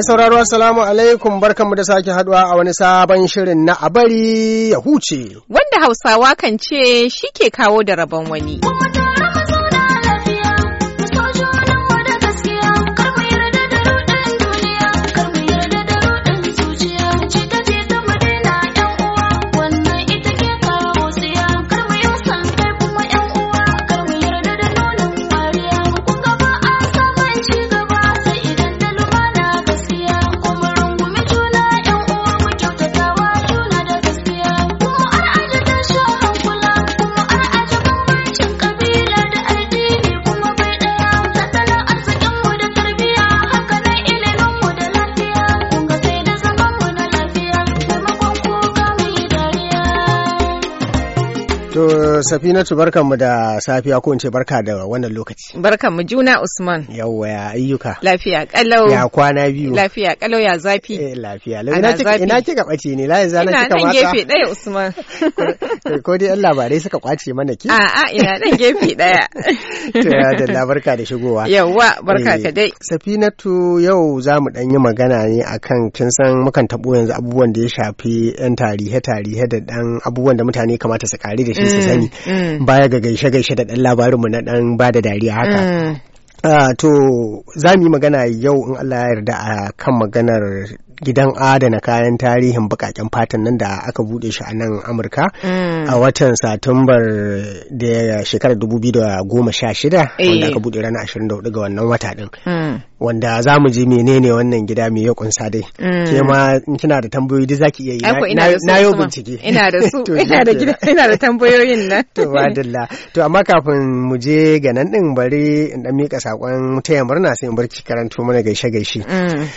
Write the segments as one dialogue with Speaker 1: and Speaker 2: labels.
Speaker 1: Mai sauraro Assalamu alaikum barkanmu da sake haduwa a wani sabon shirin na abari ya huce.
Speaker 2: Wanda Hausawa kan ce shi ke kawo da rabon wani.
Speaker 1: Safinatu barkanmu da safiya ko ce barka da wannan lokaci.
Speaker 2: Barkanmu juna Usman. Yawwa ya ayyuka. Lafiya kalau. Ya
Speaker 1: kwana biyu. Lafiya
Speaker 2: kalau ya zafi. Eh lafiya. Ina kika ka
Speaker 1: ɓace bace ne lai za na kika watsa. Ina nan gefe
Speaker 2: daya Usman.
Speaker 1: Eh, ko dai ba labarai suka kwace mana ki. A'a
Speaker 2: ina nan gefe daya.
Speaker 1: To ya dalla barka da shigowa.
Speaker 2: Yawwa barka eh, ka dai.
Speaker 1: Safinatu yau za mu dan yi magana ne akan kin san mukan tabo yanzu abubuwan da ya shafi yan tarihe tarihe da dan abubuwan da mutane kamata su kare da shi su mm. sani Mm. baya ga gaishe-gaishe da ɗan labarinmu na ɗan ba da dariya haka. Uh, to za mu yi magana yau in Allah ya yarda a kan maganar gidan adana kayan tarihin bakaken fatan nan da aka bude shi a nan Amurka mm. a watan Satumbar da shekarar 2016 eh. wanda aka bude ranar 24 ga wannan wata din. Mm. Wanda za mu ji menene wannan gida mai ya kunsa dai.
Speaker 2: Mm. Ke ma
Speaker 1: kina da tambayoyi da zaki iya yi. Na yau bincike. Ina da su.
Speaker 2: Ina da tambayoyin nan. To madalla.
Speaker 1: To amma kafin mu je ga nan din bari in dan mika sakon taya murna sai in barki karanto mana gaishe gaishe.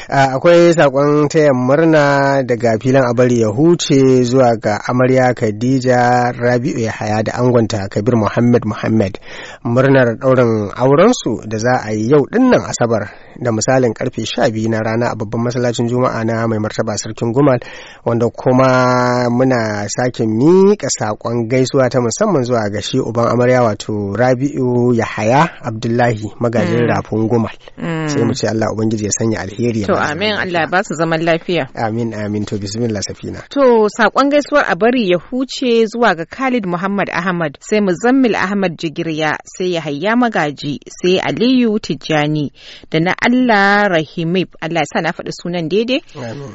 Speaker 1: Akwai sakon taya murna daga filin abari ya huce zuwa ga amarya Khadija Rabi'u ya haya da angonta Kabir Muhammad Muhammad murnar ɗaurin aurensu da za a yi yau dinnan Asabar da misalin karfe 12 na rana a babban masallacin Juma'a na mai martaba Sarkin Gumal wanda kuma muna sake miƙa saƙon gaisuwa ta musamman zuwa ga shi uban amarya wato Rabi'u ya haya Abdullahi magajin mm. rafin Gumal
Speaker 2: mm. sai mu ce
Speaker 1: Allah ubangiji ya sanya alheri to amin
Speaker 2: Allah ba su zama lafiya.
Speaker 1: Amin amin to bismillah safina.
Speaker 2: To sakon gaisuwar a bari ya huce zuwa ga Khalid Muhammad Ahmad sai Muzammil Ahmad Jigirya sai Yahaya Magaji sai Aliyu Tijjani da na Allah Rahimib Allah sa na faɗi sunan daidai.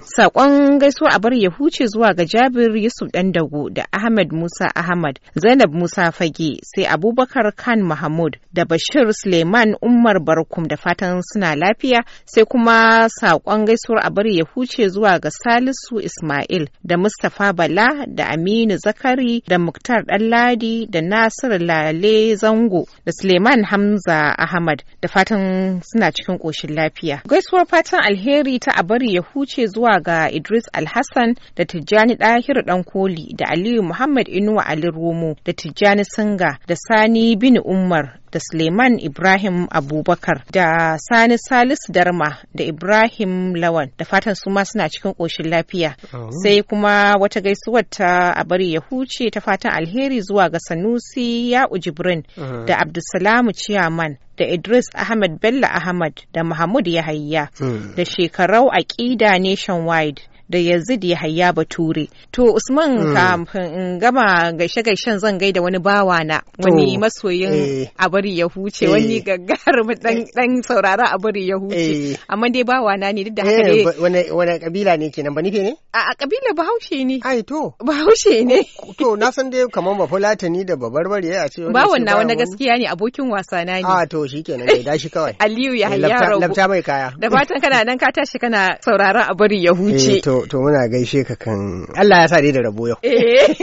Speaker 2: Sakon gaisuwar a bari ya huce zuwa ga Jabir Yusuf dan Dago da Ahmad Musa Ahmad Zainab Musa Fage sai Abubakar Khan Mahmud da Bashir Suleiman Umar Barkum da fatan suna lafiya sai kuma sakon gaisuwar a bari ya huce zuwa ga Salisu Ismail da Mustapha Bala da Aminu Zakari da Muktar Ɗanladi da Nasiru Lale Zango da Suleiman Hamza Ahmad da fatan suna cikin ƙoshin lafiya. Gaisuwar fatan alheri ta a bari ya huce zuwa ga Idris Alhassan da Tijjani Ɗahiru Ɗankoli da Aliyu Muhammad Inuwa Ali Romo da Tijjani Singa da Sani Bini Umar da Suleiman Ibrahim Abubakar da Sani Salis Darma da Ibrahim Lawan da fatan su ma suna cikin ƙoshin lafiya. Sai kuma wata gaisuwar ta a bari ya huce ta fatan alheri zuwa ga Sanusi ya Jibrin da Abdulsalamu Ciyaman da Idris Ahmed Bello Ahmad da Mahmud Yahaya hmm. da shekarau aƙida nationwide da Yazid Yahaya Bature. To Usman hmm. kafin in gama gaishe gaishen zan gaida wani bawa na wani masoyin eh. a bari ya huce wani eh. gaggar mu dan eh. saurara a bari ya huce amma dai bawa na ne duk da haka
Speaker 1: ne. wani kabila ne kenan ba nife ne?
Speaker 2: A kabila Bahaushe ne. Ai
Speaker 1: to. Bahaushe ne. To na san dai kamar ba Fulatani da babarbare a ce ba wannan wani
Speaker 2: gaskiya ne abokin wasa na ne. A ah,
Speaker 1: to shikenan dai dashi kawai.
Speaker 2: Aliyu Yahaya rabu Lafta
Speaker 1: mai kaya. Da
Speaker 2: fatan kana nan ka tashi kana saurara a bari ya huce. to
Speaker 1: To muna gaishe ka kan Allah ya sa dai da rabo yau. Eh.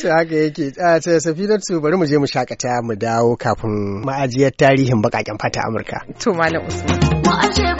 Speaker 1: To haka yake a safinatu bari mu je mu shakata mu dawo kafin ma'ajiyar tarihin bakaken fata Amurka. To Malam Usman.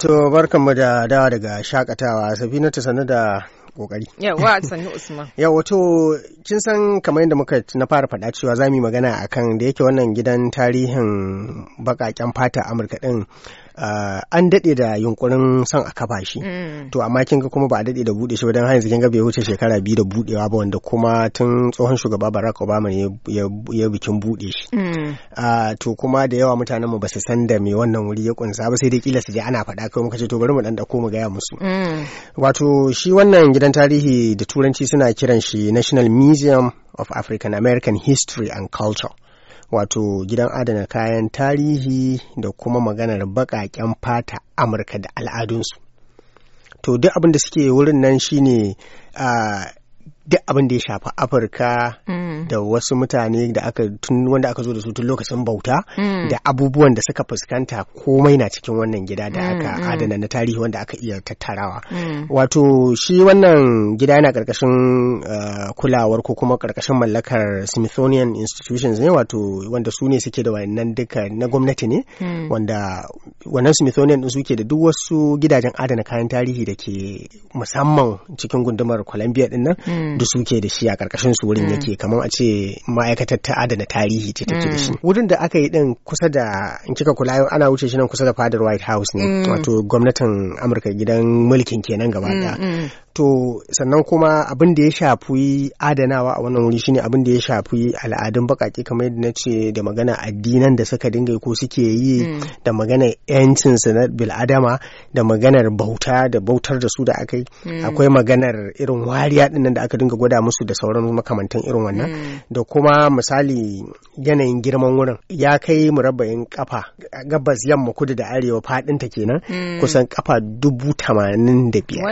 Speaker 1: To barkanmu da dawa daga shakatawa safina ta sanu da kokari.
Speaker 2: Yawa sannu Usman.
Speaker 1: Yawa to kin san kamar yadda muka na fara faɗa cewa za mu yi magana akan da yake wannan gidan tarihin baƙaƙen fata Amurka din Ah, an daɗe da yunkurin son a kafa shi mm. to amma kinga kuma ba a daɗe da buɗe shi ba don har yanzu kinga bai wuce shekara biyu da buɗewa ba wanda kuma tun tsohon shugaba Barack Obama ne ya bikin buɗe shi mm. ah, to kuma da yawa mutanen mu ba su san da me wannan wuri ya kunsa ba sai dai kila su je ana faɗa kai muka ce to bari mu dan dako mu gaya musu mm. wato shi wannan gidan tarihi da turanci suna kiran shi National Museum of African American History and Culture wato gidan adana kayan tarihi da kuma maganar baƙaƙen fata amurka da al'adunsu to duk abin da suke wurin nan shine ah, duk abin da ya shafi afirka mm. da wasu mutane da aka tun wanda aka zo da su tun lokacin bauta mm. da abubuwan da suka fuskanta komai na cikin wannan gida da aka mm, adana na tarihi wanda aka iya tattarawa wato shi wannan gida yana karkashin uh, kulawar ko kuma karkashin mallakar smithsonian institutions ne wato wanda su ne suke da wannan duka na gwamnati ne wanda wannan smithsonian din suke da duk wasu gidajen adana kayan tarihi da ke musamman cikin gundumar columbia dinnan. duk suke ke da shi a karkashin su wurin mm. yake kamar a ce ma'aikatar ta adana tarihi ce take da mm. shi wurin da aka yi din kusa da in kika kula ana wuce shi nan kusa da fadar White House ne mm. wato gwamnatin Amurka gidan mulkin kenan gaba daya to sannan kuma abin da ya shafi adanawa a wannan wuri shine abin da ya shafi al'adun bakaki kamar yadda na ce da magana addinan da suka dinga ko suke yi mm. da magana yancin na bil'adama da maganar bauta da bautar da su da aka yi mm. akwai maganar irin wariya dinnan da aka dinga gwada musu da sauran makamantan irin wannan mm. da kuma misali yanayin girman wurin ya kai murabba'in kafa gabas yamma kudu da arewa fadinta kenan kusan kafa dubu tamanin da biyar.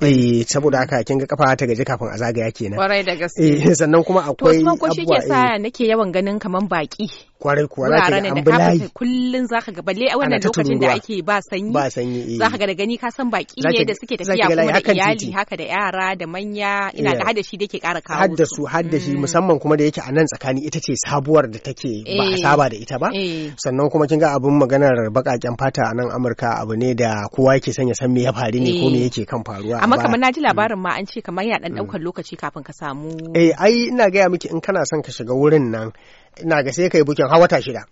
Speaker 1: eh saboda haka kin ga kafa ta gaji kafin a zagaya kenan kwarai da gaske eh sannan kuma akwai to ko shi ke sa eh.
Speaker 2: nake yawan ganin kaman baki
Speaker 1: kwarai kuwa za an bulayi
Speaker 2: kullun za ka ga balle a wannan lokacin da ake ba sanyi
Speaker 1: ba sanyi eh. za ka
Speaker 2: ga da gani ka san baki ne da suke tafiya kuma da iyali haka da yara da manya ina eh. da hadashi da ke kara kawo hadda
Speaker 1: su hadda shi mm. musamman kuma da yake a nan tsakani ita ce sabuwar da take ba a saba da ita ba sannan kuma kin ga abun maganar baƙaƙen fata a nan Amurka abu ne da kowa yake son ya san me ya faru ne ko me yake kan faruwa amma kamar na
Speaker 2: ji labarin ma an ce kamar ya dan daukar mm. lokaci kafin ka samu eh
Speaker 1: ai ina gaya miki in kana son ka shiga wurin nan ina ga sai kai bukin har wata shida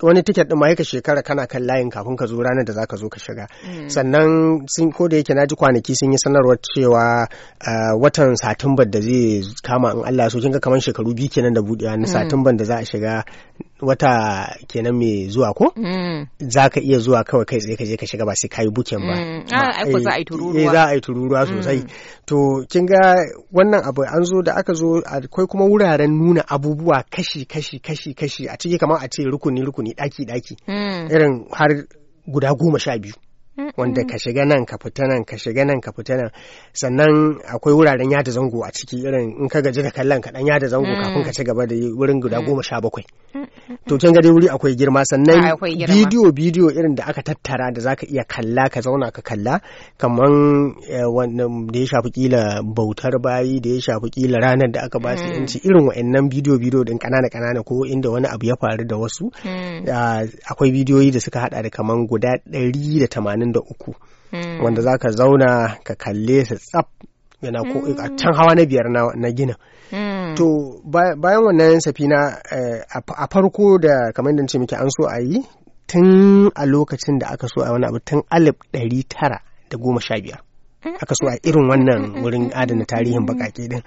Speaker 1: wani tiket ɗin ma shekara kana kan layin kafin ka zo ranar da za ka zo ka shiga mm. sannan sun ko da yake na ji kwanaki sun yi sanarwar cewa eh, watan satumbar da zai kama in Allah so kinga kamar shekaru biyu kenan da buɗewa na mm. satumbar da za a shiga wata kenan mai zuwa ko hmm. za ka iya zuwa kawai kai tsaye ka je ka shiga ba sai ka yi bukin ba
Speaker 3: za a tururuwa za a
Speaker 1: yi tururuwa eh, hmm. sosai to kin ga wannan abu an zo da aka zo akwai kuma wuraren nuna abubuwa kashi kashi kashi kashi a ciki kamar a ce rukuni rukuni daki daki hmm. irin har guda goma sha biyu wanda ka shiga nan ka fita nan ka shiga nan ka fita nan sannan akwai wuraren yada zango a ciki irin in ka gaji da kallon ka dan yada zango kafin ka mm. ci gaba da wurin guda mm. goma sha bakwai to kin ga dai wuri akwai girma sannan bidiyo bidiyo irin da aka tattara da zaka iya kalla ka zauna ka kalla kaman eh, wannan da ya shafi kila bautar bayi da ya shafi kila ranar da aka ba su mm. yanci irin wa'annan bidiyo bidiyo din kanana kanana ko inda wani abu ya faru da wasu
Speaker 3: ah,
Speaker 1: akwai bidiyoyi da suka hada da kaman guda ɗari da tamanin da uku hmm. wanda za ka zauna ka kalle su tsaf yana ko hmm. a can hawa na biyar na gina. Hmm. to bayan wannan safina eh, a farko da kamar da ce muke an so a yi tun a lokacin da aka so a wani abu tun alif ɗari tara da goma sha biyar aka so a irin wannan wurin adana tarihin bakake din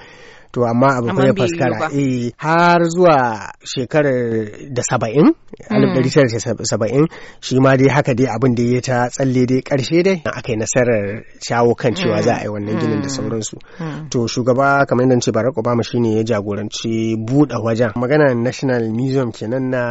Speaker 1: to amma abu kuma ya faskara eh har zuwa shekarar da saba'in alif ɗari tara saba'in shi ma dai haka dai abin da ya ta tsalle dai karshe dai aka yi nasarar shawo kan cewa za a yi wannan ginin da mm. sauransu mm. to shugaba kamar yadda ce barack obama shine ya jagoranci buɗe wajen magana national museum kenan na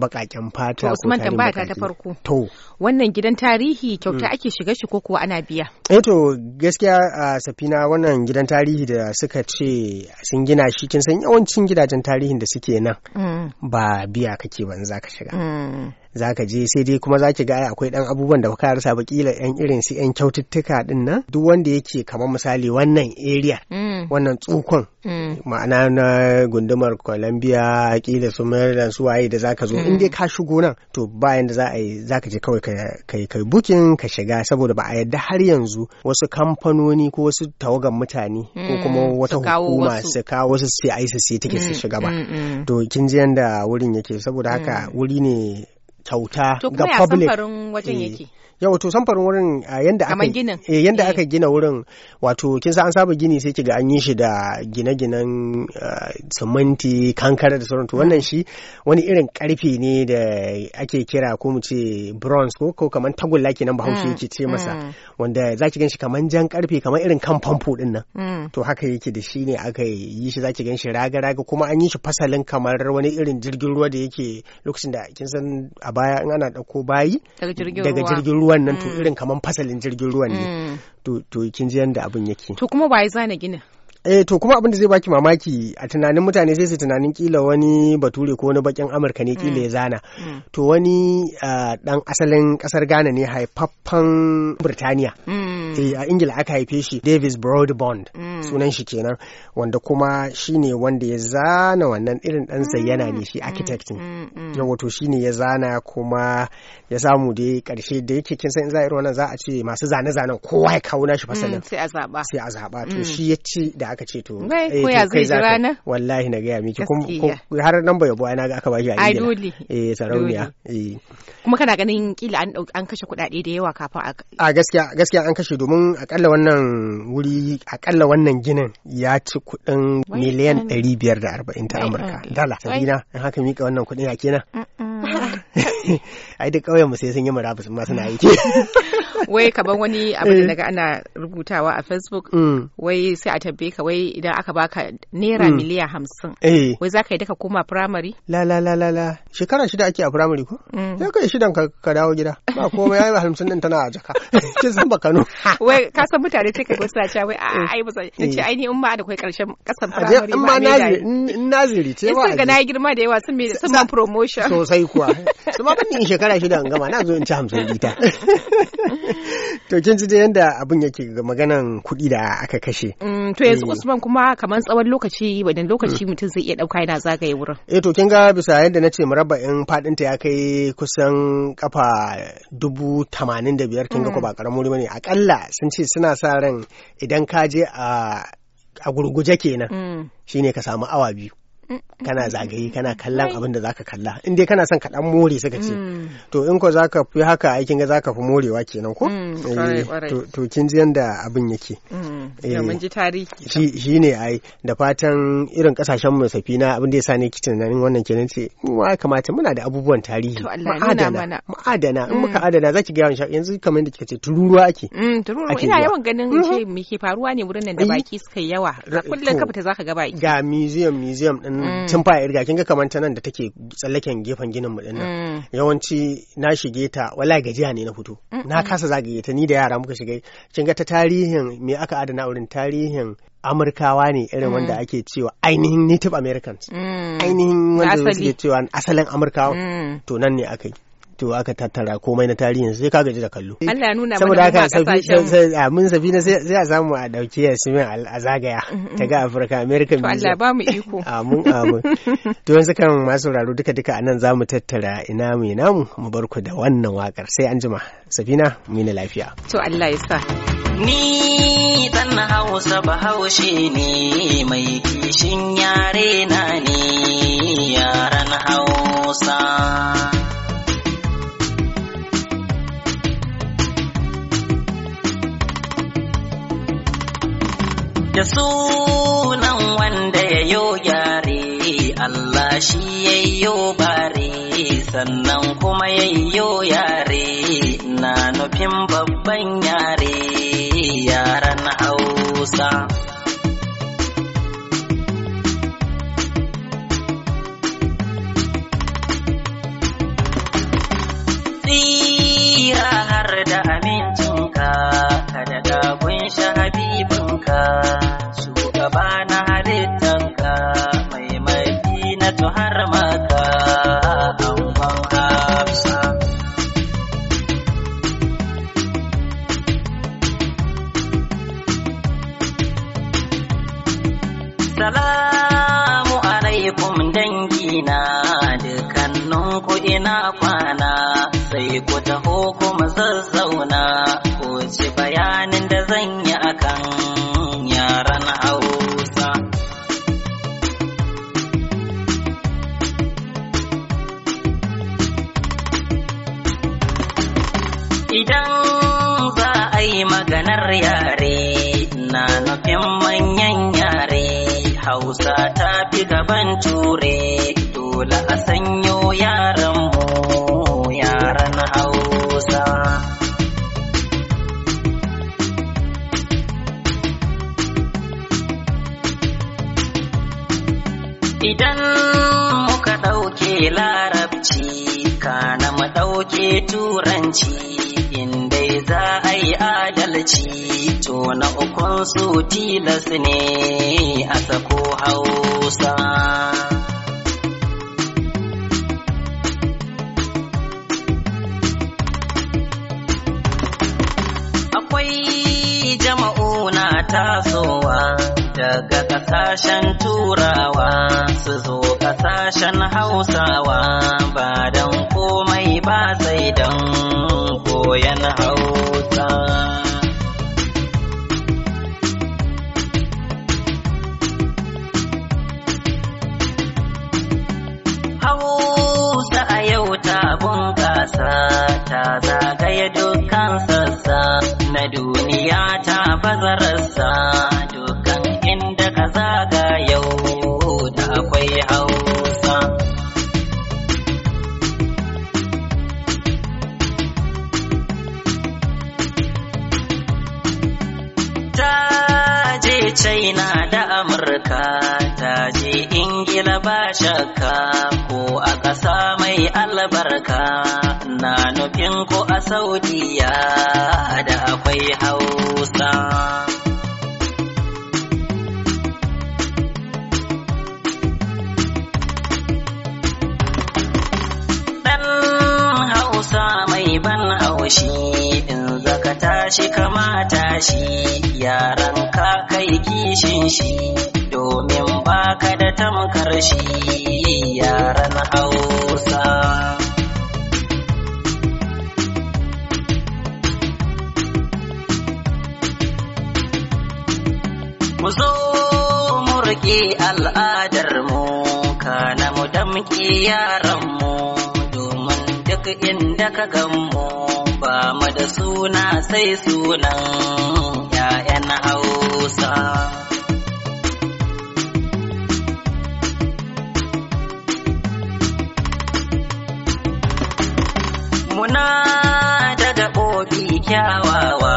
Speaker 1: bakaken fata usman tambaya ta farko to
Speaker 2: wannan gidan tarihi kyauta mm. ake shiga shi ko kuwa ana biya
Speaker 1: eh to gaskiya a safina wannan gidan tarihi da suka ce sun gina shi kin san yawancin gidajen tarihin da suke nan mm. ba biya kake ban za ka shiga mm. za ka je sai dai kuma za ki ga akwai dan abubuwan da ka rasa ba kila yan irin su yan kyaututtuka din nan duk wanda yake kamar misali wannan area mm. wannan tsukon mm. ma'ana na gundumar columbia kila su maryland su waye da zaka zo mm. in dai ka shigo nan to bayan da za a yi zaka je kawai kai kai bukin ka shiga saboda ba a yadda har yanzu wasu kamfanoni ko wasu tawagan mutane ko mm. kuma wata hukuma su kawo wasu sai yi su tiket su shiga ba to kin ji yanda wurin yake saboda haka wuri ne kyauta ga public wajen eh. yake yawa to samfarin wurin eh, yanda aka gina eh, yanda eh. aka gina wurin wato kin san an saba gini sai kiga an yi shi da gine-ginen siminti kankara da sauran wannan shi wani irin karfe ne da ake kira ko mu ce bronze ko ko kaman tagulla kenan Bahaushe mm, yake ce masa mm. wanda zaki gan shi kaman jan karfe kaman irin kan famfo din nan mm. to haka yake da shi ne aka yi shi zaki gan shi raga-raga kuma an yi shi fasalin kamar wani irin jirgin ruwa da yake lokacin da kin san a baya in ana dauko bayi
Speaker 2: daga jirgin ruwa ruwan nan to mm. irin
Speaker 1: kaman fasalin jirgin ruwan ne mm. to kin ji yanda abin yake to
Speaker 2: kuma ba waye zana ginin
Speaker 1: Eh to kuma abin da zai baki mamaki a tunanin mutane sai su tunanin kila wani bature ko wani bakin Amurka ne kila ya mm. zana. Mm. To wani dan asalin kasar Ghana ne haifaffen Birtaniya.
Speaker 3: Mm. Eh,
Speaker 1: a Ingila aka haife shi Davis Broadbond sunan shi kenan wanda kuma shine wanda ya zana wannan irin dan yana ne shi architect ne. shi shine ya zana kuma ya samu da karshe da yake kin san in za a irin wannan za a ce masu zane-zanen kowa ya kawo nashi fasalin. Sai a zaba. Sai a
Speaker 2: zaba to shi
Speaker 1: ya ci da aka ce to eh, ya zai na wallahi na gaya miki har nan bai yabo na ga aka baki a dole eh sarauniya eh
Speaker 2: kuma kana ganin kila an an kashe kudade da yawa kafin
Speaker 1: a gaskiya gaskiya an kashe domin akalla wannan wuri akalla wannan ginin ya ci kuɗin miliyan 540 ta Amurka dala sabina in haka mika wannan kudin ya kenan ai duk kauyen mu sai sun yi murabusin ma suna aiki
Speaker 2: wai kaban wani abu da daga eh. ana rubutawa a facebook mm. wai sai a tabbe ka wai idan aka baka naira mm. miliyan hamsin eh. wai za ka yi daga koma firamare
Speaker 1: la la la la la shekara shida ake a firamare ko mm. Ya kai shidan ka dawo gida ba komai yayi hamsin din tana a jaka kin san ba kano
Speaker 2: wai ka san mutane sai ka ga suna cewa wai ai ba sai eh. ce ai ni in ma da kai karshen kasan firamare in ma naziri
Speaker 1: in naziri ce wa ga nayi
Speaker 2: girma da yawa sun me sun ma promotion sosai kuwa
Speaker 1: sun ma ban ni shekara shida in gama na zo in ci hamsin dita to kin ji yadda abin yake ga maganan kuɗi da aka kashe
Speaker 2: mm, to yanzu eh. Usman kuma kamar tsawon lokaci wadan lokaci mm. mutum zai iya ɗauka yana zagaye wurin
Speaker 1: E to kin ga bisa yadda nace murabba'in faɗin ta ya kai kusan kafa dubu tamanin da biyar kin ga ko mm. ba karamin wuri bane akalla sun ce suna sa ran idan ka je a gurguje kenan shine ka samu awa biyu kana zagaye kana kallon abin da zaka kalla in dai kana son ka dan more saka ce mm. to in ko zaka fi haka aikin ga zaka fi morewa kenan ko mm, eh, to kin ji yanda abin yake
Speaker 2: mm, eh, mun ji tarihi
Speaker 1: shi ne ai da fatan irin kasashen mu safina abin da yasa ne na nan wannan kenan ce mu kamata muna da abubuwan tarihi ma'adana ma'adana in muka adana zaki ga yanzu kamar da kika ce tururuwa ake tururuwa ina yawan
Speaker 2: ganin mm-hmm. ce me ke faruwa ne wurin nan da eh. baki suka yawa kullum ka fita zaka ga baki
Speaker 1: ga museum museum din Mm. tun fa irga kinga ga kamar ta nan da take tsallaken gefen ginin mu dinnan mm. yawanci na shige ta wallahi gajiya ne na fito na kasa zagaye ta ni da yara muka shiga Kinga ta tarihin me aka adana wurin tarihin amurkawa ne irin wanda mm. ake cewa ainihin native americans
Speaker 2: ainihin wanda suke
Speaker 1: cewa asalin amurkawa to nan ne aka yi to aka tattara komai na tarihin sai ka gaji da kallo
Speaker 2: Allah nuna saboda haka
Speaker 1: mun safi na sai a samu a dauki Yasmin a zagaya mm, mm. ta ga Afirka American to Allah ba
Speaker 2: mu iko amin amin
Speaker 1: to yanzu kan masu raro duka duka anan zamu tattara ina mu ina mu mu bar ku da wannan wakar sai an jima Safina mu ne lafiya
Speaker 2: to Allah ya
Speaker 4: sa ni dan Hausa Bahaushe ne mai kishin yare na ne yaran Hausa da sunan wanda ya yo gyare Allah shi ya yo bare sannan kuma ya yo yare na nufin babban yare yaran hausa harama Idan za a yi maganar yare na nufin manyan yare Hausa ta fi gaban ture dole a sanyo yaran mu yaran Hausa. Idan muka ɗauke larabci, kana mu ɗauke turanci. za a yi adalci to na ukun su tilas ne a sako hausa. Akwai na ta daga kasashen turawa su zo kasashen hausawa ba don komai ba sai don koyan hausa. Hausa a yau ta bunƙasa ta zagaya dukkan sassa na duniya ta bazara. mai hausa ta je china da amurka ta je ingila ba shakka ko a ƙasa mai albarka na nufin ko a saudiya da akwai hausa shi in zaka tashi kamata shi yaran ka kai kishin shi domin baka da tamkar shi yaran hausa mu zo mu riƙe al'adarmu kana mu damƙe yaranmu domin duk inda ka ganmu ba mu da suna sai sunan ‘ya'yan Hausa. Muna da gaɓoɓi kyawawa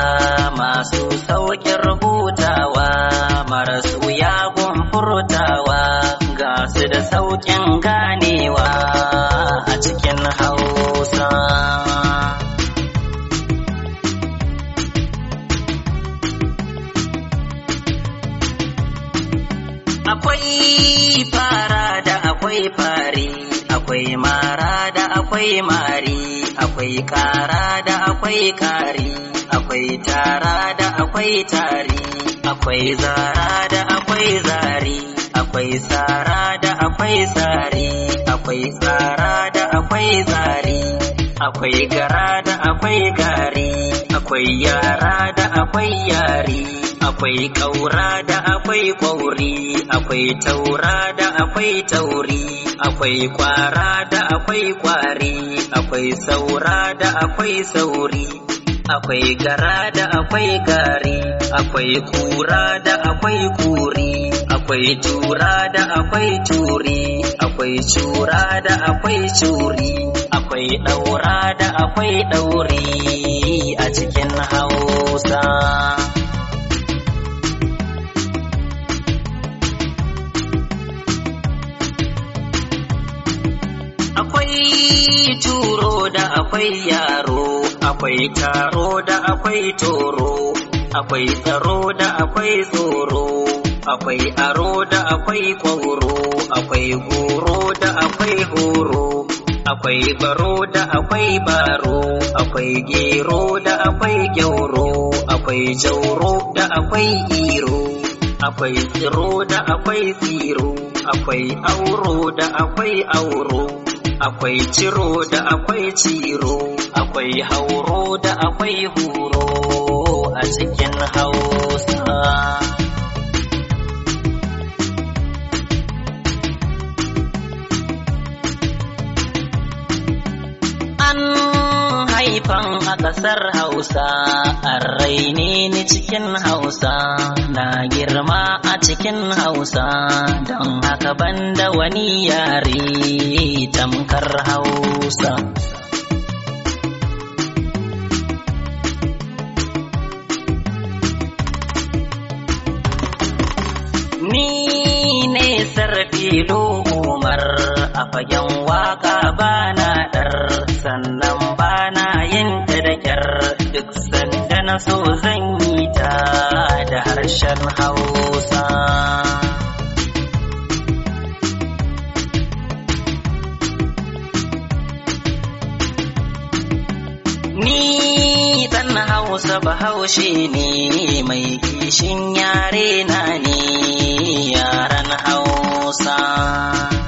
Speaker 4: masu sauƙin rubutawa marasu yagun furtawa ga su da sauƙin ganewa a cikin Hausa. fari akwai mara da akwai mari akwai kara da akwai kari akwai tara da akwai tari akwai zara da akwai zari akwai sara da akwai tsari akwai sara da akwai zari akwai gara da akwai gari akwai yara da akwai yari akwai ƙaura da akwai ƙwauri akwai taura da akwai tauri akwai kwara da akwai kwari akwai saura da akwai sauri akwai gara da akwai gari akwai kura da akwai kuri akwai tura da akwai turi akwai cura da akwai curi akwai ɗaura da akwai ɗauri a cikin hausa
Speaker 3: akwai
Speaker 4: turo da akwai yaro akwai taro da akwai toro akwai tsaro da akwai tsoro akwai aro da akwai kwauro akwai goro da akwai horo akwai baro da akwai baro akwai gero da akwai gyauro akwai jauro da akwai iro akwai tsiro da akwai tsiro akwai auro da akwai auro akwai ciro da akwai ciro akwai hauro da akwai huro a cikin hausa haifan a ƙasar Hausa, a raini ni cikin Hausa, na girma a cikin Hausa, don haka banda wani yare tamkar Hausa.
Speaker 3: ni ne
Speaker 4: sarfi umar a fagen waka bana ɗar. sannan bana duk sanda na so zan yi ta da harshen hausa ni dan hausa bahaushe ne mai kishin yare na ne yaren hausa